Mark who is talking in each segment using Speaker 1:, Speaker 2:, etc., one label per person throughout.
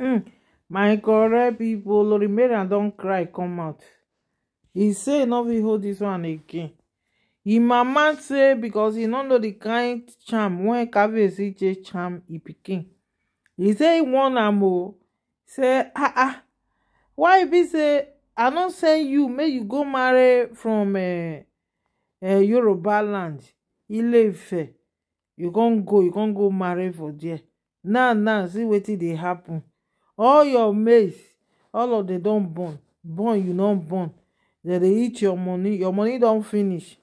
Speaker 1: um my correct pipo Mariam don't cry come out He say e no fit hold this one again e mama say "Because he no know di kind charm wey caviecy take charm he picking. He say e warn am oh. say ah ah why be say i no send you May you go marry from eh, eh, yoruba land ileife you con go you con go marry for there now now see what dey happen all your maize all of dem don burn burn you don burn They dey eat your money your money don finish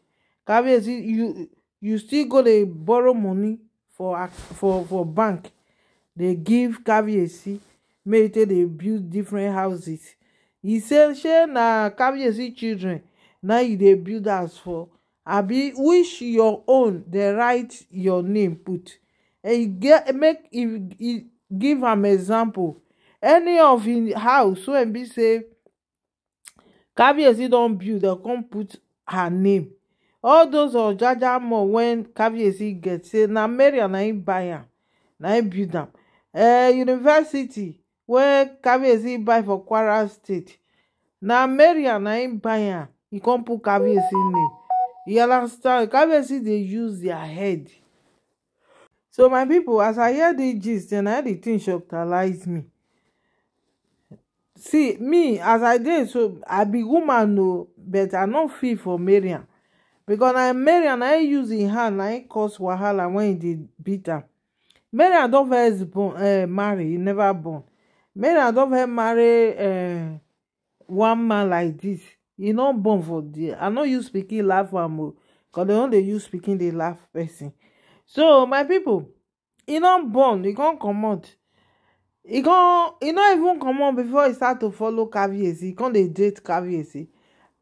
Speaker 1: kabiyesi you you still go dey borrow money for for for bank dey give kabiyesi make e they dey build different houses e say shey na kabiyesi children na you dey build house for abi which your own dey write your name put e get make e give am example any of im house wey be say kabiyesi don build dem come put her name all those ojaja mall wen kabiyesi get say na Maria na him buy am na him build am uh, university wey kabiyesi buy for kwara state na Maria na him buy am he come put kabiyesi name you understand kabiyesi dey use their head so my people, as i hear dis gist and i hear di tin me see me as i dey so i be woman o but i no feel for mariam because na mariam na im use im hand na im cause wahala wen im dey beat am mariam don vex marry e never born mariam don vex marry eh, one man like this. He no born for there i no use pikin laugh am o oh. because dem no dey use pikin dey laugh person so my people, he no born e come comot He con He no even comot before he start to follow caviezi e they date caviezi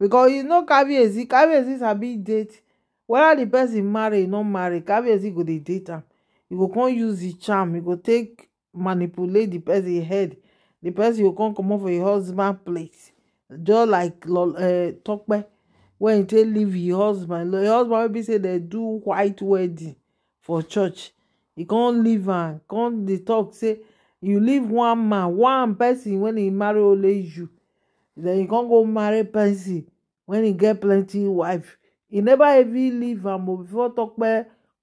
Speaker 1: because you know caviezi caviezi sabi date whether the person marry or not marry caviezi go dey date am e go con use the charm He go take manipulate the person head the person go con come for im husband place. just like uh, eh, tope when he take leave his husband im husband maybe say they do white wedding for church He con leave am con dey talk say you leave one man one person when he marry only you then you con go marry person when he get plenty wife He never even leave am o oh. before tope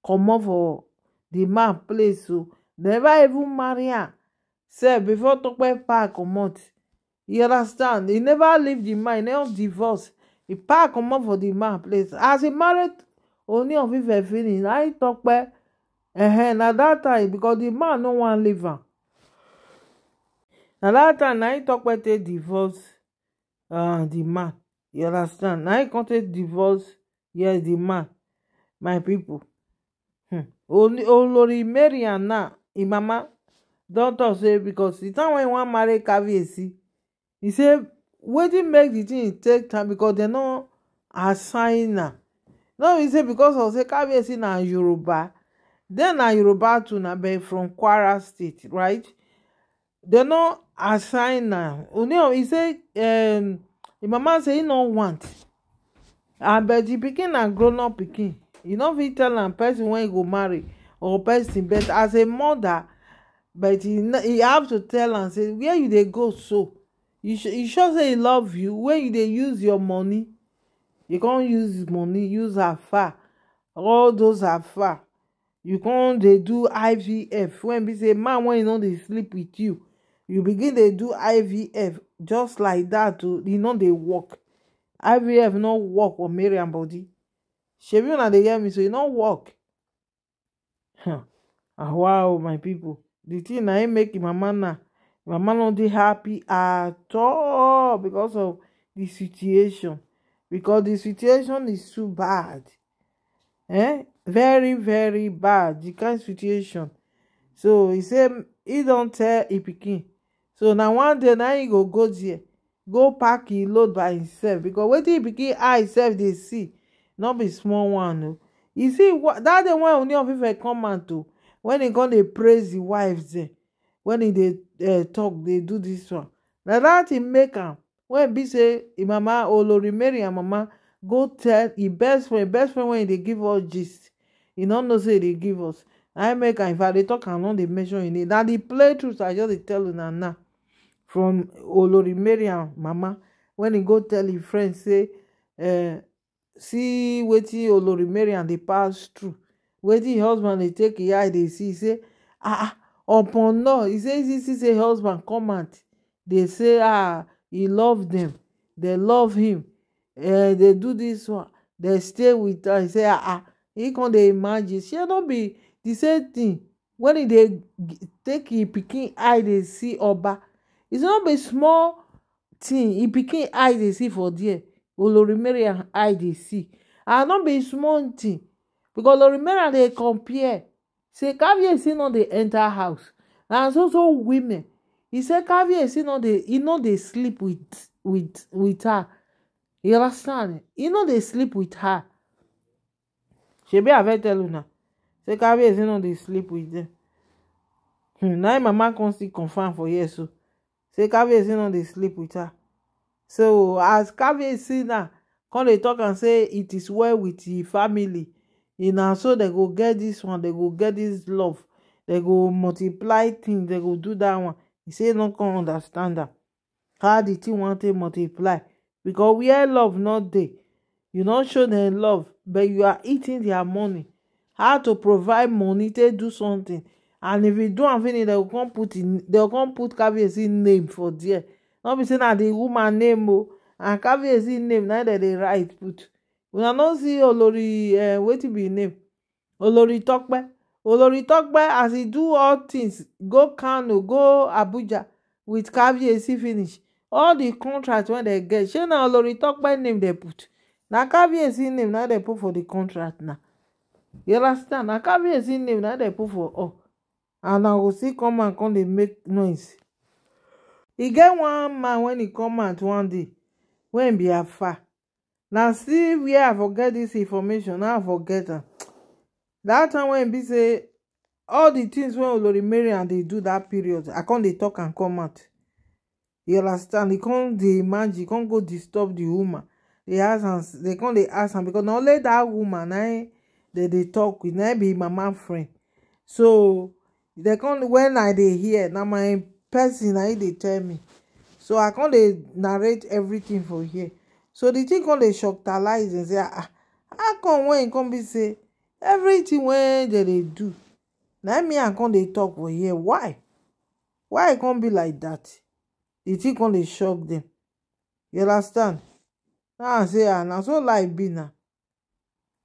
Speaker 1: comot for the man place So oh. never even marry am sef before talk tope pack comot you understand He never leave the man He never divorce He pack comot for the man place as e marry Ooni of Ife finish na e Tope eh, eh, na that time because the man no wan leave am na dat time na him tok take divorce di uh, man you understand now him come take divorce yes di man my pipo hmm. olori mary and na im mama don tok say becos di time wey wan marry caviarcy e say wetin make di tin take time becos dem no assign am no be becos of say caviarcy na yoruba dem na yoruba too na from kwara state right dem no assign am oneo e say di um, mama say e no want and but di pikin na grown up pikin e no fit tell am person wey e go marry or person but as a mother but e have to tell am say where you dey go so? e sure say e love you when you dey use your money you con use money use far all those far you con dey do ivf when be say man wen e no dey sleep with you. you begin dey do ivf just like that o e no dey work ivf no work for marian body shebi una dey hear me say e no work ah, wow my pipo di tin na im make im mama na mama no dey happy at all because of di situation because di situation is too bad eh very very bad di kain situation so e say e don tell e pikin. so na one day na him go go there go pack him load by himself becos wetin pikin eye sef dey see no be small one o oh. you see dat day wen union fifa come out o oh, when e come dey praise di wife dem when e dey eh, talk, dey do this one na that thing make am when e be say im mama olori mary and mama go tell im best friend best friend when e dey give us gist He no know say e dey give us na im make am if i dey tok am no dey mention im name na di play truth i just dey tell una now from olori mariam mama when he go tell im friend say "Uh, see wetin olori mariam dey pass through wetin im husband dey take im eye dey see say ah, ah upon law He say he see say husband come out dey say ah he love dem dem love him Uh, dey do dis one dem stay with her e say ah, ah he con dey imagine shey no be the same thing. When he dey take im pikin eye dey see oba it's no be small tin e pikin eye dey see for dia olorimeria eye dey see and no be small tin because olorimeria dey compare say kavyensi no dey enter house and so so women e say kavyensi no dey e no dey sleep with with with her you understand e no dey sleep with her shebi ave tell una say kavyensi no dey sleep with dem hmm, na im mama kon still confam for so say Kabiyesi no dey sleep with her so as Kabiyesi now come dey talk and say it is well with the family you know, so they go get this one they go get this love they go multiply things they go do that one He say no come understand that how the thing want to multiply because we are love not they. you no show them love but you are eating their money how to provide money to do something and if you do am finish dem go come put dem come put kabiyesi name for there no be say na the woman name oh, and kabiyesi name na dem dey write put una no see olori uh, wetin be name olori tope olori tope as he do all things go kano go abuja with kabiyesi finish all the contract when they get She now olori tope name they put na kabiyesi name na they put for the contract na you understand na kabiyesi name na they put for oh and i go still come out come dey make noise e get one man when he come out one day wen be afa na still where i forget this information now i forget am dat time when be say all the things wey olori marian dey do that period i con dey tok am come out you understand e con dey imagine con go disturb the woman dey ask am dey con dey ask am becos na only that woman na dem dey talk with na be mama friend so dem come when i dey hear na my person na im dey tell me so i come dey narrate everything for here so the thing come dey shocktalize dem say ah, ah how come when e come be say everything wey dem dey do na me i come dey talk for here why why e come be like that, the thing come dey shock dem you understand now i say ah na so life be na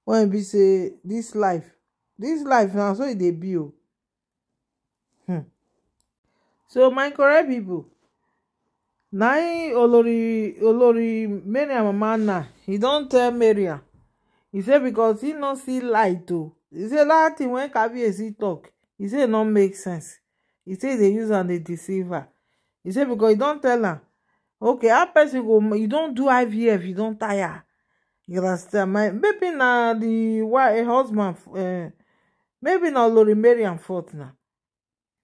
Speaker 1: when e be say this life this life na so e dey be o so my correct people, na im olori olori mariam mama na e don tell mariam He say because he no see light o He say dat tin wey kabiyesi talk, he say e no make sense He say they use am dey deceive her e say because he don tell am okay how person go you don do ivf you don tire you understand my maybe na di eh, husband eh, maybe na olori mariam fault na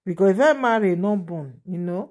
Speaker 1: because if that marry no born you know